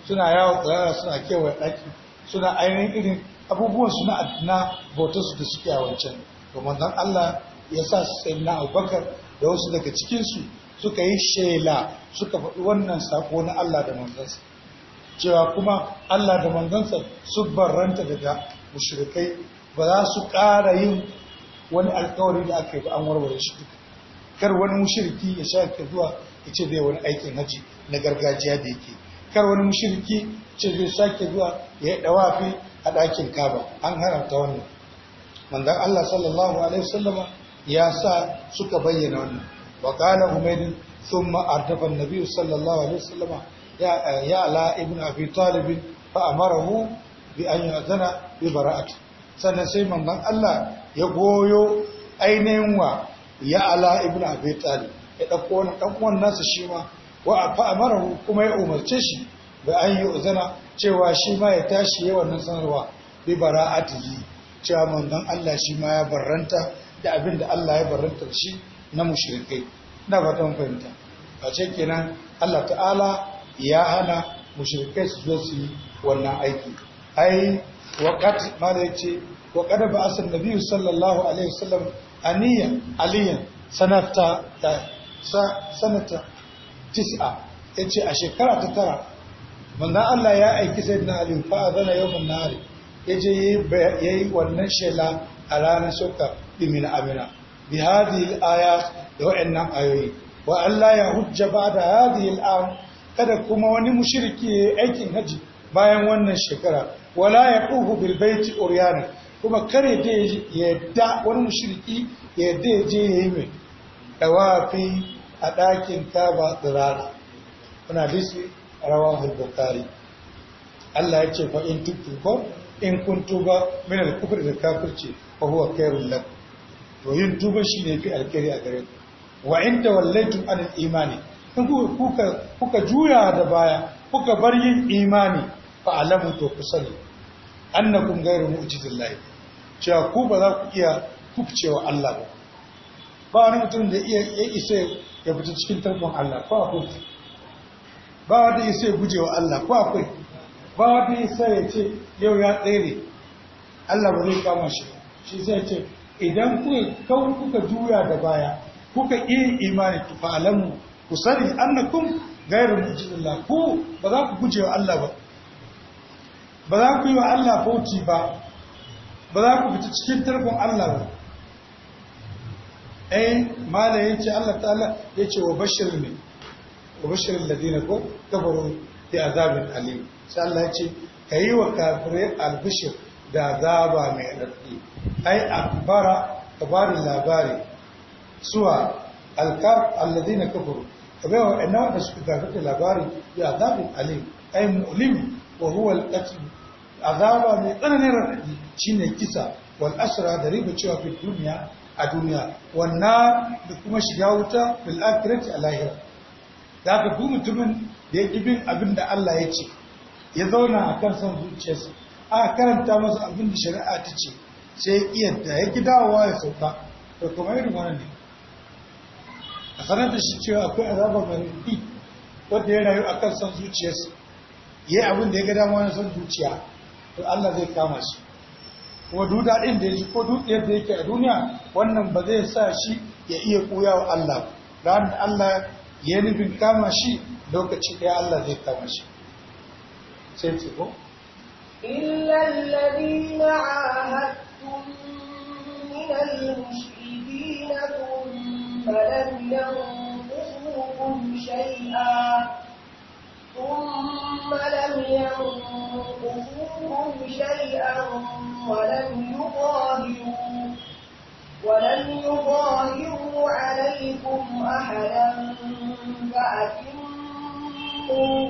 S1: suna yawon tsirara suna kewaye ɗakin suna ainihin irin abubuwan suna na bautar su da suke a wancan to manzon Allah ya sa su na Abubakar da wasu daga cikinsu su suka yi shela suka faɗi wannan sako na Allah da manzansa cewa kuma Allah da manzansa su barranta daga mushrikai ba za su ƙara yin wani alkawari da aka yi an warware shi duka kar wani mushriki ya sha ka zuwa ya ce bai wani aikin haji na gargajiya da yake kar wani mushriki ce zai sake zuwa ya yi dawafi a ɗakin kaba an ta wannan manzan Allah sallallahu alaihi sallama ya sa suka bayyana wannan wa qala humayd thumma ardafa an sallallahu alaihi wasallama ya ya ala ibn abi talib fa amarahu bi an yu'zana bi bara'ati sannan sai mangan Allah ya goyo ainihin wa ya ala ibn abi talib ya ɗauko wani ɗan uwan nasa shi ma wa fa kuma ya umarce shi Bai an yi uzana cewa shi ma ya tashi yawan nan sanarwa bi bara'atihi cewa mangan Allah shi ma ya barranta da abin da Allah ya barranta shi na mushrikai na fatan fahimta a Allah ta'ala ya hana mushrikai su zo su yi wannan aiki ai waqat mala yace wa sallallahu alaihi wasallam aniya aliyan sanata eh, sanata tis'a yace a shekara ta tara manzon Allah ya aiki sayyidina Ali fa azana yawmun nahar yaje yayi wannan shela a ranar sokka bimin amina bi hadhihi al-ayat da wa'annan ayoyi wa Allah ya hujja ba'da hadhihi al-am kada kuma wani mushriki aikin haji bayan wannan shekara wala ya ƙuhu bilbaiti oriyana kuma kare da ya da wani mashirki ya da ya je ya yi mai ɗawafi a ɗakin ta ba tsirara kuna bisi rawan bukari. Allah ya ce fa in tuktu ko in kun tuba min al da kafirci fa huwa kairun lakum to yin tuba ne fi alkhairi a gare ku wa in ta an imani in kuka juya da baya kuka bar yin imani fa'alamu to ku sani annakum ghayru mu'jizillahi cewa ku ba za ku iya kufcewa Allah ba ba wani mutum da iya ya isa ya fita cikin tarkon Allah ko akwai ba wanda isa ya gujewa Allah ko akwai ba wanda isa ya ce yau ya tsere Allah ba zai kama shi shi sai ya ce idan kuka kuka juya da baya kuka iya imani fa'alamu ku sani annakum gairu mujizillah ku ba za ku gujewa Allah ba ba za ku yi wa Allah fauci ba ba za ku fita cikin tarkon Allah ba eh mala yace Allah ta'ala yace wa bashir ne wa bashir alladina ko kafaru bi azabin alim sai Allah yace kayi wa kafirai albishir da azaba mai radadi ai akbara kabarin labari suwa alkar alladina kafaru kabewa wa'annan da suka gafata labari bi azabin alim ai mu'lim wa huwa al azaba mai tsananin raɗaɗi shine kisa wal asira da riba cewa fi duniya a duniya wannan da kuma shiga wuta bil akirat a lahira da aka duk mutumin da ya bin abin da Allah ya ce ya zauna a kan son zuciyarsa a karanta masa abin da shari'a ta ce sai ya kiyanta ya ki dawowa ya sauka da kuma irin wani ne a sanar da shi cewa akwai azaba mai raɗaɗi wanda ya rayu a kan son zuciyarsa ya yi abin da ya ga dama na son zuciya to Allah zai kama shi kuma duda daɗin da yake ko duk yadda yake a duniya wannan ba zai sa shi ya iya kuya Allah dan Allah ya nufin kama shi lokaci ɗaya Allah zai kama shi sai ce ko
S2: illa alladhina ahadtum min al-mushrikeena thumma lam yanqusukum shay'a ثم لم ينقصوهم شيئا ولم يظاهروا ولم يظاهروا عليكم أحدا فأتموا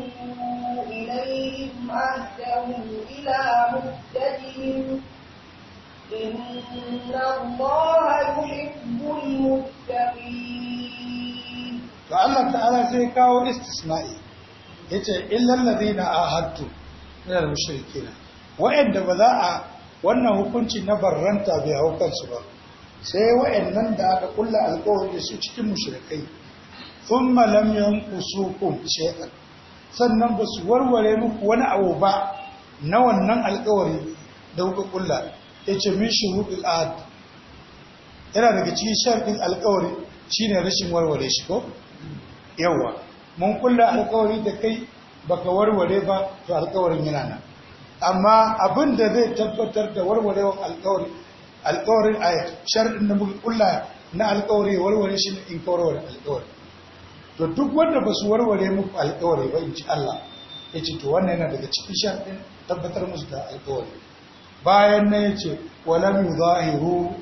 S2: إليهم عهدهم إلى مدتهم إن الله يحب المتقين
S3: فالله تعالى
S1: سيكاو استثنائي yace illal ladina ahadtu na da mushrikin wa'anda ba za a wannan hukunci na barranta bai hau kansu ba sai wa'annan da aka kulla alƙawari su cikin mushrikai thumma lam yanqusukum shay'an sannan ba su warware muku wani abu ba na wannan alƙawari da kuka kulla yace min shuruɗil ahd yana daga cikin sharɗin alƙawari shine rashin warware shi ko yawa mun kulla alkawari da kai baka warware ba to alkawarin yana nan amma abin da zai tabbatar da warwarewar alkawari alkawarin a sharɗin da muka kulla na alkawari warware shi ne in kawarwar alkawari to duk wanda ba su warware muku alkawari ba in ci Allah ya ce to wannan yana daga cikin sharɗin tabbatar musu da alkawari bayan na ya ce walam yuzahiru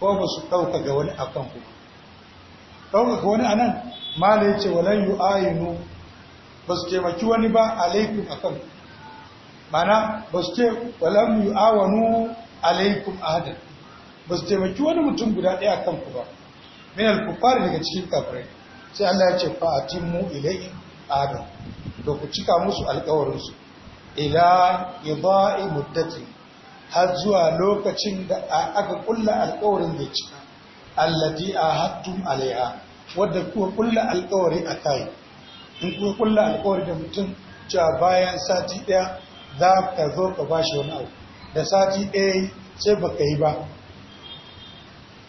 S1: ko ba su ɗauka ga wani akan kuma ɗaukaka wani a nan da ya ce walan yu ayinu ba su taimaki wani ba alaikum a kan mana ba su ce walan yu awanu alaikum ahadan ba su taimaki wani mutum guda ɗaya kan ku ba min alkufar daga cikin kafirai sai Allah ya ce fa atimmu ilai adam to ku cika musu alkawarinsu ila ba'i muddatin har zuwa lokacin da aka kulla alƙawarin ya cika allati hattun alaiha wadda kuka kulla alƙawari a kai in kuka kulla alƙawari da mutum cewa bayan sati ɗaya za ka zo ka bashi wani abu da sati ɗaya sai ba ka yi ba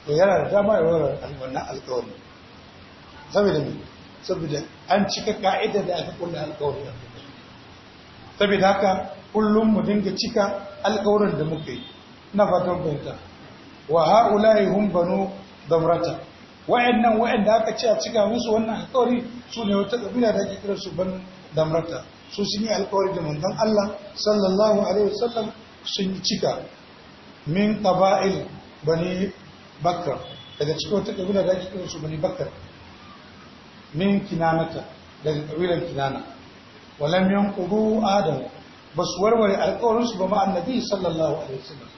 S1: to yana da dama ya wurin wannan alƙawari saboda mu saboda an cika ka'ida da aka kulla alƙawari saboda haka kullum mu dinga cika alƙawarin da muke, na fatan fahimta wa ha'ula'i hum banu damrata wa'annan wa'anda aka ce a cika musu wannan alƙawari su ne wata kabila da ake kiransu ban damrata su sun yi alƙawari da manzon Allah sallallahu alaihi wasallam sun yi cika min qaba'il bani bakkar daga cikin wata kabila da ake kiransu bani bakkar min kinanata daga kabilar kinana walam yanqudu adam basu warware su ba ma annabi sallallahu alaihi wasallam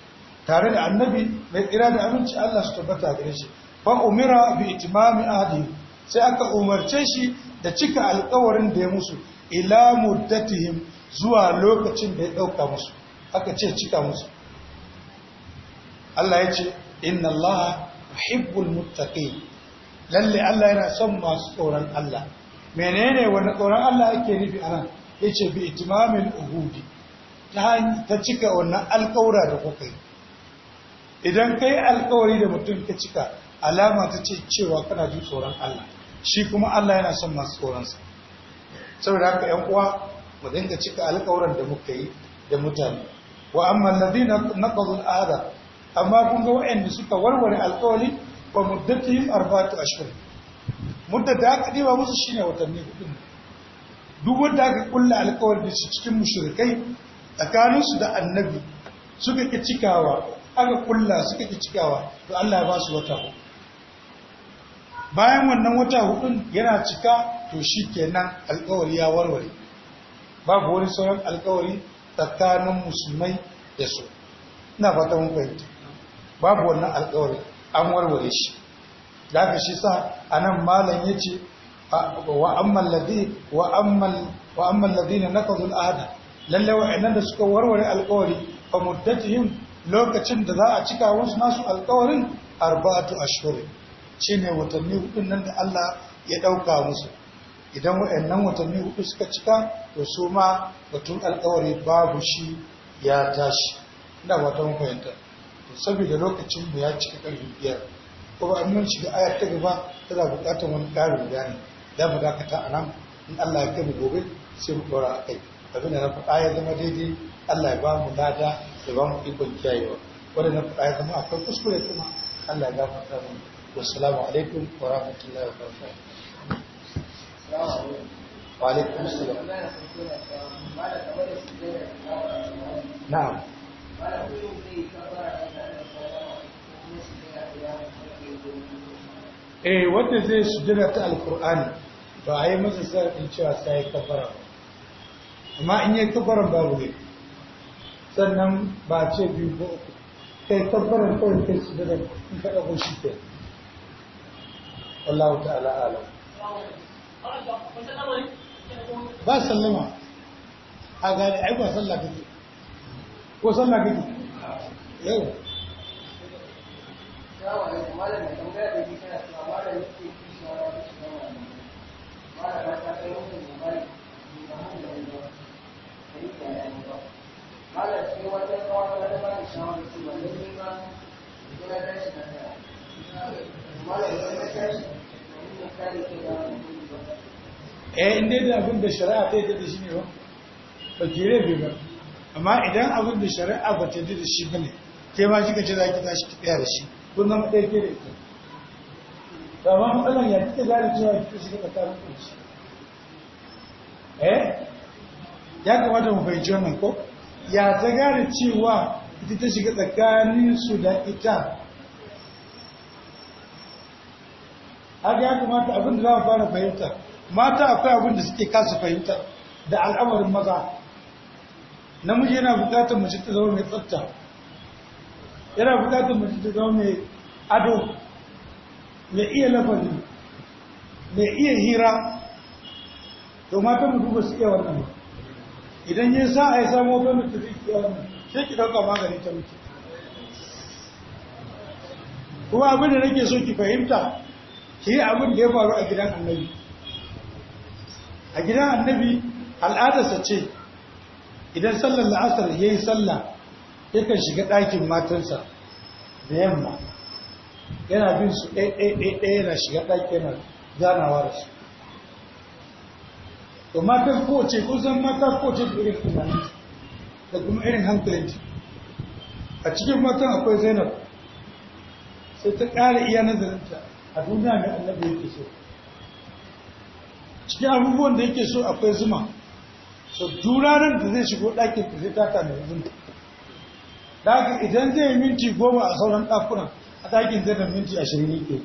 S1: tare da annabi mai tsira da aminci Allah su tabbata gare shi fa umira bi itimami ahdi sai aka umarce shi da cika alƙawarin da ya musu ila muddatihim zuwa lokacin da ya dauka musu aka ce cika musu Allah ya ce inna Allah yuhibbul muttaqin lalle Allah yana son masu tsoron Allah menene wani tsoron Allah ake nufi anan yace bi itimamin uhudi ta cika wannan alƙawura da kuka yi idan ka yi alkawari da mutum ka cika alama ta ce cewa kana ji tsoron Allah shi kuma Allah yana son masu tsoronsa saboda haka ‘yan uwa mu dinga cika alkawaran da muka yi da mutane wa amma ladina naqadul ahda amma kun ga wa'anda suka warware alkawari wa muddatihim arba'atu ashhur Mudda da aka diba musu shine watanni hudu duk wanda aka kulla alkawari da su cikin mushrikai tsakaninsu da annabi suka ki cikawa aka kulla suka ki cikawa to Allah ya ba su wata bayan wannan wata hudun yana cika to shi kenan alkawari ya warware babu wani sauran alkawari tsakanin musulmai da su ina fata mun fahimta babu wannan alkawari an warware shi da haka shi sa anan malam yace wa ammal ladhi wa ammal wa ammal ladina nakadul ahda lalle wa'annan da suka warware alkawari fa muddatihim lokacin da za a cika wasu nasu alkawarin arba'atu ashhurin shine watanni hudu nan da Allah ya dauka musu idan wayannan watanni hudu suka cika to su ma batun alkawari babu shi ya tashi ina watan fahimta to saboda lokacin mu ya cika karfi biyar ko ba mun shiga ayar ta gaba tana bukatar wani karin bayani da mu dakata a nan in Allah ya kai gobe sai mu a kai. abin da na faɗa ya zama daidai Allah ya ba mu lada da ba ikon kiyayewa waɗannan faɗa zama akwai kuskure kuma Allah alaikum wa eh wanda zai sujjada ta alkur'ani ba a yi masa sarfin cewa sai ya kafara amma in yi kafaran babu ne sannan ba ce biyu ko uku kai tabbarar kawai kai su daga in ka ɗago shi ke wallahu ta'ala alam ba nima a gane ai ba sallah kake ko sallah kake yau
S3: Thank you. malam
S1: eh inda da abin da shari'a ta yi da shi ne ba ba ki bai ba amma idan abin da shari'a ba ta da shi ba ne ke ma shiga ce za ki tashi ki da shi kun zama ɗaya ke da ita ba ma matsalan ya kika gane cewa kika shiga tsakanin ku eh ya kamata mu fahimci wannan ko ya ta gane cewa ita ta shiga tsakanin su da ita har ya kamata abin da za mu fara fahimta mata akwai abin da suke kasa fahimta da al'amarin maza namiji yana bukatar mace ta zama mai tsafta yana bukatar mace ta zama mai ado mai iya lafari mai iya hira to mata mu duba su iya wannan ba idan yin sa a yi samun wata mutu sai ki ɗauka magani ta mutu kuma abin da nake so ki fahimta ki yi abin da ya faru a gidan annabi a gidan annabi al'adarsa ce idan sallar la'asar ya yi sallah kan shiga ɗakin matansa da yamma yana bin su ɗaya ɗaya ɗaya yana shiga ɗakin yana ganawa da su to matan kowace kusan mata kowace da irin tunanin da kuma irin hankalinta a cikin matan akwai zainab sai ta ƙara iya nazarinta a duniya mai annabi yake so cikin abubuwan da yake so akwai zuma so duraran da zai shigo ɗakin da zai tata mai zuma daga idan zai yi minti goma a sauran ɗakunan a ɗakin zai da minti ashirin yake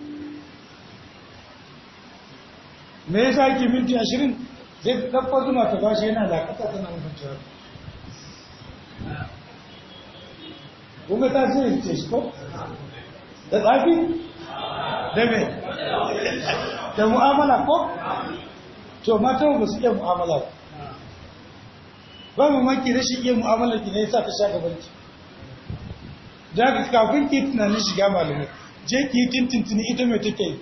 S1: me yasa yake minti ashirin zai ɗaffar zuma ta bashi yana ta tana nufin cewa kuma ta zai ce shi ko da tsafi da me da mu'amala ko to matan ba su iya mu'amala ba ba mu maki rashin iya mu'amala ki ne yasa ta sha gaban ki da ka kafin ki tunanin shiga malamai je ki tintintini ita mai take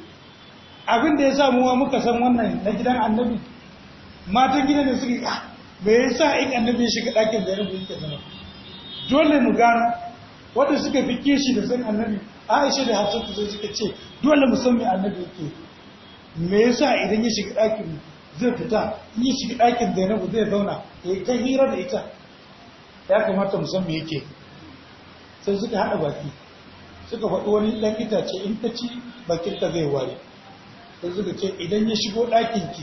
S1: abin da ya sa muwa muka san wannan na gidan annabi matan gidan da suke ah me yasa in annabi ya shiga ɗakin da rabu yake zama dole mu gano wanda suka fi kishi da san annabi Aisha da Hafsatu sai suka ce dole mu san me annabi yake me yasa idan ya shiga ɗakin zai fita in ya shiga ɗakin Zainabu zai zauna ya ta hira da ita ya kamata mu san me yake sai suka haɗa baki suka faɗi wani ɗan itace in ta ci bakinta zai ware sai suka ce idan ya shigo ki.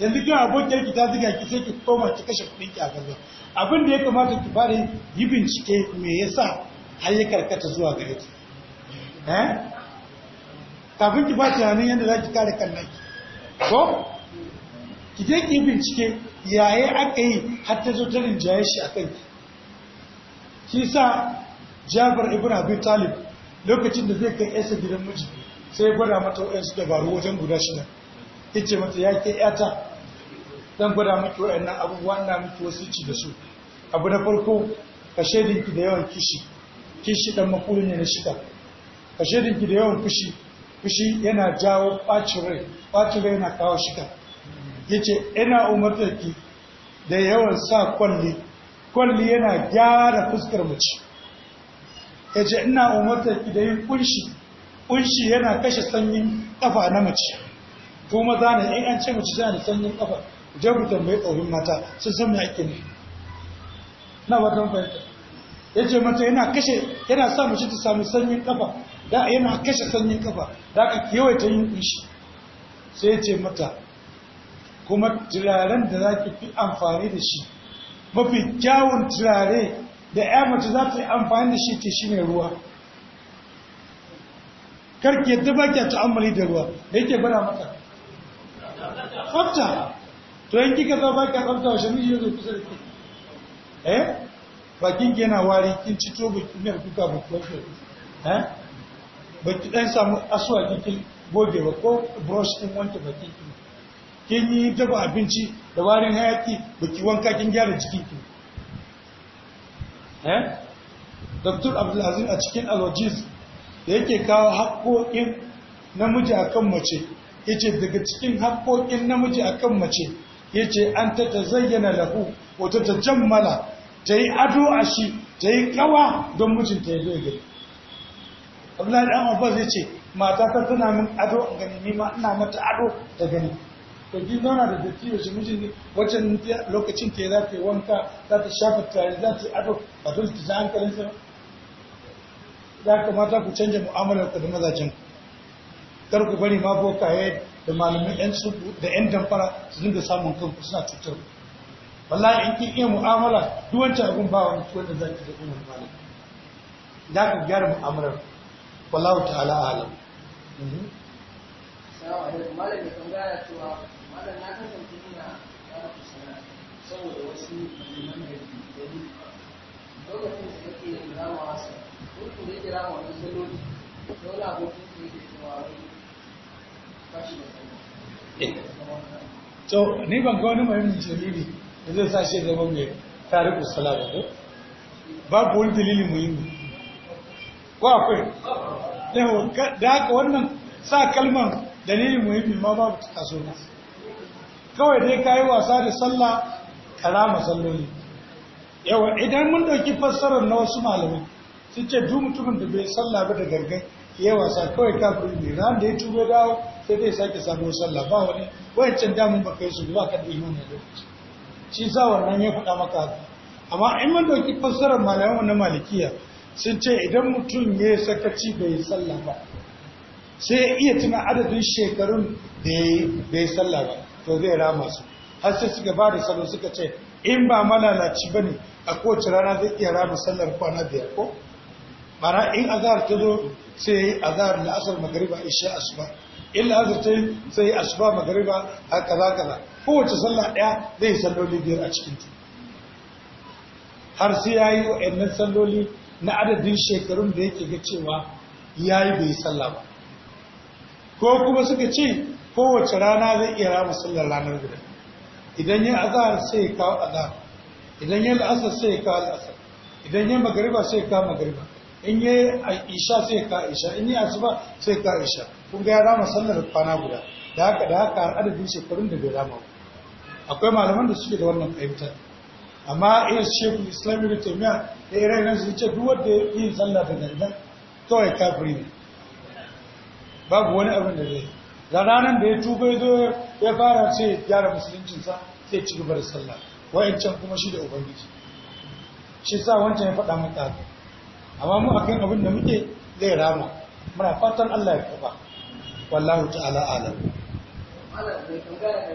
S1: yanzu kin abokiyar ki ta ki sai ki koma ki kashe kuɗin ki a gaza abin da ya kamata ki fara yi bincike me yasa har ya karkata zuwa gare ki eh kafin ki ba tunanin yadda za ki kare kallon ki ko ki je ki bincike yayi aka yi har ta zo ta jaye shi akan ki sa jabar ibn Abi Talib lokacin da zai kai yasa gidan miji sai ya gwada mata wayansu dabaru wajen guda shida yace mata ya ke yata zan gwada miki waɗannan abubuwa na miki wasu ci da su abu na farko ka shaidinki da yawan kishi kishi ɗan makulu ne na shida ka shaidinki da yawan fushi fushi yana jawo ɓacin rai ɓacin rai yana kawo shida ya ce ina umartarki da yawan sa kwalli kwalli yana gyara fuskar mace ya ce ina umartarki da yin kunshi kunshi yana kashe sanyin ƙafa na mace kuma maza ne in an ce mace tana da sanyin ƙafa je ku tambayi tsohon mata sun san mai ake ne na wata fahimta ya ce mata yana kashe yana sa mace ta samu sanyin kafa da yana kashe sanyin kafa da aka ta yin kunshi sai ya ce mata kuma turaren da za ki fi amfani da shi mafi kyawun turare da ya mace za ta yi amfani da shi ke shi ne ruwa karki yadda ba ki amali da ruwa da yake gwada mata tsafta 20 ka zaba zo ba ka tsafta washe miji kusa da ke eh bakin ke na wari kin ci to ba kin kuka ba ko eh ba ki dan samu aswa kin goge ba ko brush din wanke bakin ki kin yi ba abinci da warin hayaki ba ki wanka kin gyara jikin ki eh Dr. Azim a cikin alojis da yake kawo haƙoƙin namiji akan mace yace daga cikin haƙoƙin namiji akan mace yace an ta zayyana lahu wa ta jammala ta yi ado a shi ta yi kawa don mijinta ya zo ya gani dan abbas ya ce mata ta tana min ado a gani ni ma ina mata ado ta gani to ki zauna da datti ya shi mijin wajen lokacin ta za ta wanka za ta shafa tare za ta yi ado a dole ta ji sa ya kamata ku canja mu'amalar ka da mazajen kar ku bari ma yi. da malamin yan sudu da yan damfara su dinga samun kanku suna cutar wallahi in kin iya mu'amala duk wancan abun ba wani wanda da zaki da kuma malami da ku gyara mu'amalar wallahu ta'ala alam mhm.
S3: assalamu alaikum malam ya tambaya cewa malam na kasance saboda wasu da ke da lokacin da yake rama wasa, ko kuma yake rama wani saloli, dole abokin da yake cewa to eh.
S1: ni ban ga wani muhimmin dalili da zai sa shi zama mai tariku sala ba ko babu wani dalili muhimmi ko akwai yawa da haka wannan sa kalman dalili muhimmi ma babu ta so kawai dai ka yi wasa da sallah karama salloli yawa idan mun ɗauki fassarar na wasu malamai sun ce du mutumin da bai sallah ba da gangan yawa sa kawai kafin ne ran da ya tuba dawo sai dai sake samu sallah ba wani can damun ba su ba ka da lokaci shi sa wannan ya fada maka haka amma in mun dauki fassarar malaman na malikiya sun ce idan mutum ya sakaci bai salla ba sai ya iya tuna adadin shekarun da ya bai salla ba to zai rama su har sai suka ba da salo suka ce in ba malalaci ba ne a kowace rana zai iya rama sallar kwana biyar ko mara in azahar ta zo sai azahar la'asar magariba isha asuba illa azar ta yi sai asuba magariba a kaza kaza kowace sallah ɗaya zai salloli biyar a cikin ta har sai ya yi wa'annan salloli na adadin shekarun da yake ga cewa ya yi bai sallah ba ko kuma suka ce kowace rana zai iya rama sallar ranar guda idan yin azahar sai ya kawo azahar idan yin la'asar sai ya kawo la'asar idan yin magariba sai ya kawo magariba in yi isha sai ya kawo isha in yi asuba sai ya kawo isha kuma ga ya rama da kwana guda da haka da haka har adadin shekarun da bai rama akwai malaman da suke da wannan fahimtar amma iya shekul islami da taimiyya da iranian su ce duk wanda ya yi sallah da gangan kawai kafiri ne babu wani abin da zai da ranar da ya tuba ya zo ya fara ce gyara musuluncinsa sai ci gaba da sallah wa'ancan kuma shi da ubangiji shi sa wancan ya faɗa maka amma mu akan abin da muke zai rama muna fatan Allah ya kafa wallahu ta'ala alam
S3: da bukata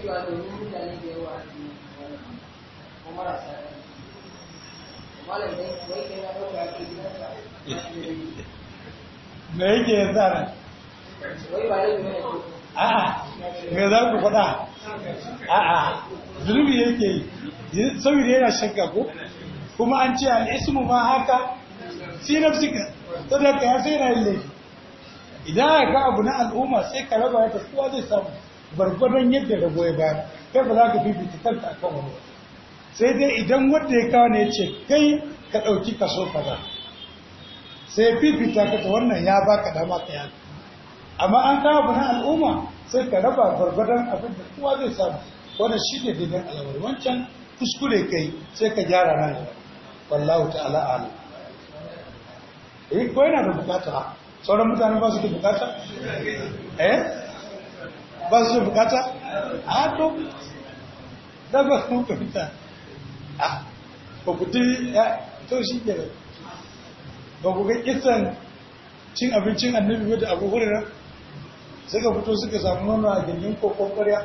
S3: cewa domin mutane da yawa a cikin wannan ko marasa ɗan
S1: a'a me za ku faɗa a'a Zulubi yake yi da yana shakka ko kuma an ce al'ismu ma haka si nafsika sadaka ya sai na yin laifi idan aka ga abu na al'umma sai ka raba ta kowa zai samu barbaran yadda da ya ba, kai ba za ka fifita kanka a kan wani sai dai idan wanda ya kawo ne ce kai ka ɗauki kaso kaza sai fifita ka ta wannan ya baka dama ka yaka amma an kawo abu al'umma sai ka raba gwargwadon abin da kowa zai samu wannan shi ne daidai alawar wancan kuskure kai sai ka gyara nan gaba wallahu ta'ala ala eh ko yana da bukata sauran mutane ba su da bukata eh ba su da bukata a to da ba su fita a ba ku ti to shi ke ba ku ga kisan cin abincin annabi da abu hurairar suka fito suka samu nuna a gindin kokon ƙwarya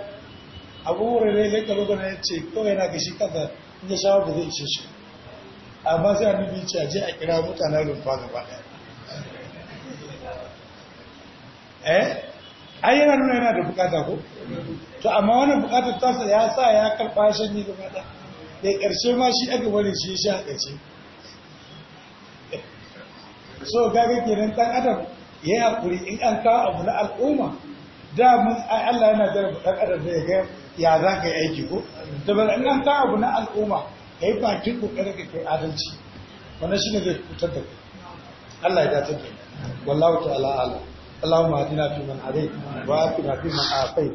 S1: abu wurare zai kalu gana ya ce kawai na gashi kansa in ya shawar da zai ishe shi amma sai an nufi ce a je a kira mutanen rumfa gaba ɗaya eh ai yana nuna yana da bukata ko to amma wannan bukatar tasa ya sa ya karɓa shan ne gaba ɗaya da ƙarshe ma shi aka wani shi ya sha a ƙarshe so gaga kenan ɗan adam ya yi haƙuri in an kawo abu na al'umma da mun Allah yana jarabu ɗan adam da ya ga ya za ka yi aiki ko da ba in an kawo abu na al'umma ka yi bakin ƙoƙarin ka kai adalci wannan shi ne zai fitar da kai Allah ya dace da wallahu ta'ala ala اللهم اهدنا فيمن هديت وآتنا فيمن آتيت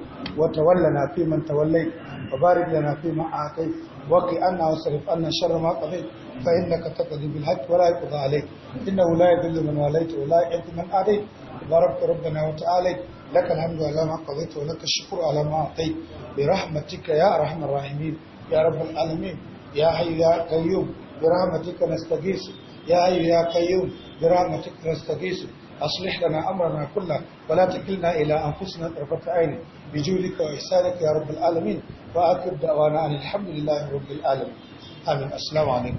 S1: fi man توليت وبارك لنا فيما أعطيت أنا وصرف أنا شر ما قضيت فإنك تقضي بالحق ولا يقضى عليك إنه لا يذل من واليت ولا يعد من أعطيت باركت ربنا وتعالى لك الحمد على ما قضيت ولك الشكر على ما أعطيت برحمتك يا أرحم الراحمين يا رب العالمين يا حي يا قيوم برحمتك نستغيث يا حي يا قيوم برحمتك نستغيث أصلح لنا أمرنا كله ولا تكلنا إلى أنفسنا طرفة عين بجودك وإحسانك يا رب العالمين وأكد دعوانا أن الحمد لله رب العالمين آمين السلام عليكم